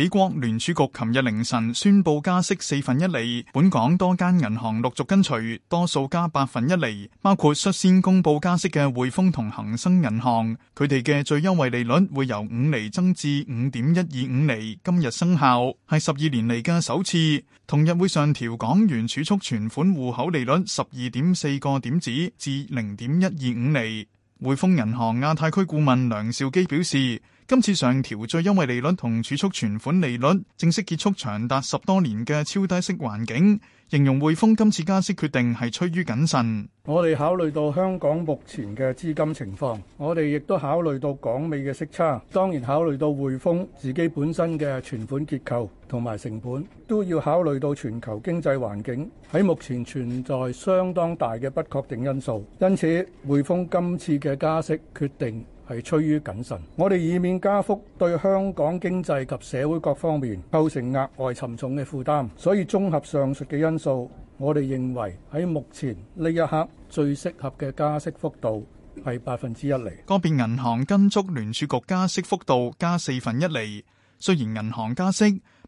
美國聯儲局琴日凌晨宣佈加息四分一厘，本港多間銀行陸續跟隨，多數加八分一厘，包括率先公布加息嘅匯豐同恒生銀行，佢哋嘅最優惠利率會由五厘增至五點一二五厘，今日生效，係十二年嚟嘅首次。同日會上調港元儲蓄存款戶口利率十二點四個點子至零點一二五厘。匯豐銀行亞太區顧問梁兆基表示。今次上調最優惠利率同儲蓄存款利率，正式結束長達十多年嘅超低息環境。形容匯豐今次加息決定係趨於謹慎。我哋考慮到香港目前嘅資金情況，我哋亦都考慮到港美嘅息差，當然考慮到匯豐自己本身嘅存款結構同埋成本，都要考慮到全球經濟環境，喺目前存在相當大嘅不確定因素。因此，匯豐今次嘅加息決定。係趨於謹慎，我哋以免加幅對香港經濟及社會各方面構成額外沉重嘅負擔，所以綜合上述嘅因素，我哋認為喺目前呢一刻最適合嘅加息幅度係百分之一釐。個別銀行跟足聯儲局加息幅度加四分一厘，雖然銀行加息。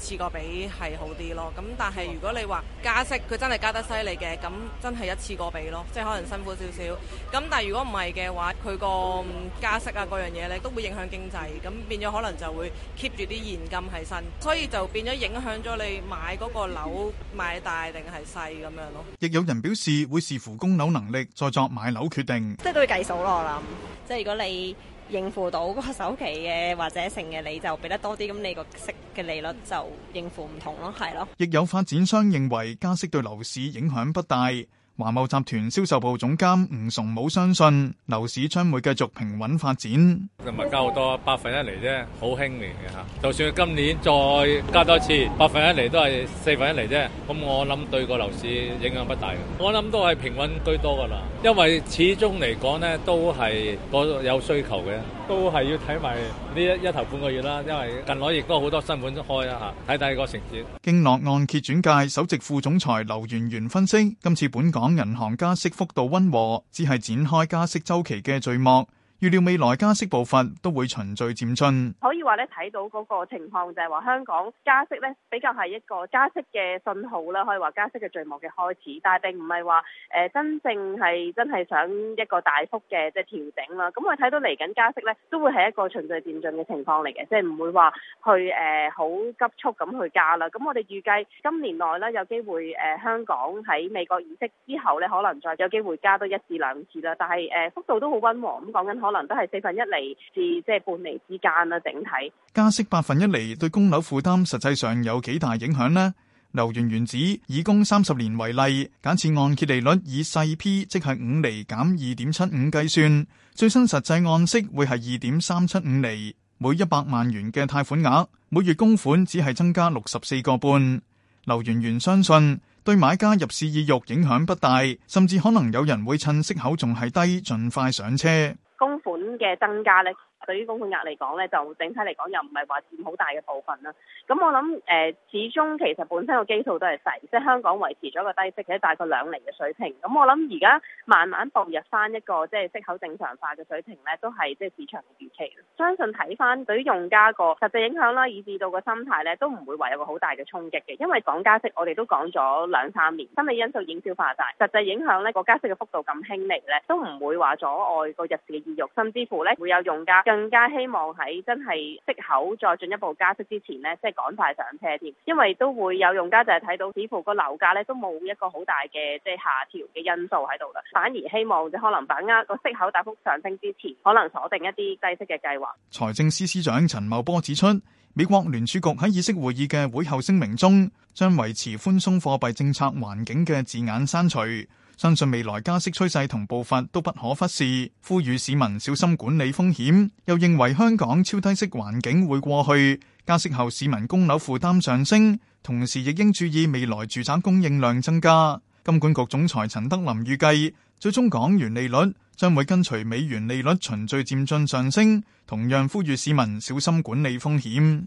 一次過俾係好啲咯，咁但係如果你話加息，佢真係加得犀利嘅，咁真係一次過俾咯，即係可能辛苦少少。咁但係如果唔係嘅話，佢個加息啊各樣嘢咧都會影響經濟，咁變咗可能就會 keep 住啲現金喺身，所以就變咗影響咗你買嗰個樓買大定係細咁樣咯。亦有人表示會視乎供樓能力再作買樓決定，即係都要計數咯。我諗，即係如果你。應付到個首期嘅或者成嘅你就俾得多啲，咁你個息嘅利率就應付唔同咯，係咯。亦有發展商認為加息對樓市影響不大。華茂集團銷售部總監吳崇武相信樓市將會繼續平穩發展，就咪加好多百分一厘啫，好輕微嘅吓，就算今年再加多一次百分一厘都係四分一厘啫，咁我諗對個樓市影響不大，我諗都係平穩居多噶啦，因為始終嚟講呢都係個有需求嘅，都係要睇埋，呢一一頭半個月啦，因為近來亦都好多新盤都開啦吓，睇睇個成績。經絡按揭轉介首席副總裁劉元元分析，今次本港。銀行加息幅度溫和，只係展開加息周期嘅序幕。預料未來加息步伐都會循序漸進，可以話咧睇到嗰個情況就係話香港加息咧比較係一個加息嘅信號啦，可以話加息嘅序幕嘅開始，但係並唔係話誒真正係真係想一個大幅嘅即係調整啦。咁我睇到嚟緊加息咧都會係一個循序漸進嘅情況嚟嘅，即係唔會話去誒好急速咁去加啦。咁我哋預計今年內咧有機會誒香港喺美國議息之後咧可能再有機會加多一至兩次啦，但係誒幅度都好温和咁講緊可。可能都係四分一厘至即係半厘之間啦。整體加息八分一厘對供樓負擔實際上有幾大影響呢？劉源源指，以供三十年為例，假設按揭利率以細 P 即係五厘減二點七五計算，最新實際按息會係二點三七五厘，每一百萬元嘅貸款額，每月供款只係增加六十四個半。劉源源相信對買家入市意慾影響不大，甚至可能有人會趁息口仲係低，盡快上車。款嘅增加咧，對於供款額嚟講咧，就整體嚟講又唔係話佔好大嘅部分啦。咁我諗誒、呃，始終其實本身個基數都係細，即、就、係、是、香港維持咗個低息，嘅、就是、大概兩釐嘅水平。咁我諗而家慢慢步入翻一個即係、就是、息口正常化嘅水平咧，都係即係市場嘅預期。相信睇翻對於用家個實際影響啦，以至到個心態咧，都唔會話有個好大嘅衝擊嘅，因為講加息我哋都講咗兩三年，心理因素影響消化大，實際影響咧，個加息嘅幅度咁輕微咧，都唔會話阻礙個入市嘅意欲。甚至乎咧，會有用家更加希望喺真係息口再進一步加息之前咧，即係趕快上車添，因為都會有用家就係睇到，似乎個樓價咧都冇一個好大嘅即係下調嘅因素喺度啦，反而希望即可能把握個息口大幅上升之前，可能鎖定一啲低息嘅計劃。財政司司長陳茂波指出，美國聯儲局喺議息會議嘅會後聲明中，將維持寬鬆貨幣政策環境嘅字眼刪除。相信未來加息趨勢同步伐都不可忽視，呼籲市民小心管理風險，又認為香港超低息環境會過去，加息後市民供樓負擔上升，同時亦應注意未來住宅供應量增加。金管局總裁陳德霖預計，最終港元利率將會跟隨美元利率循序漸進上升，同樣呼籲市民小心管理風險。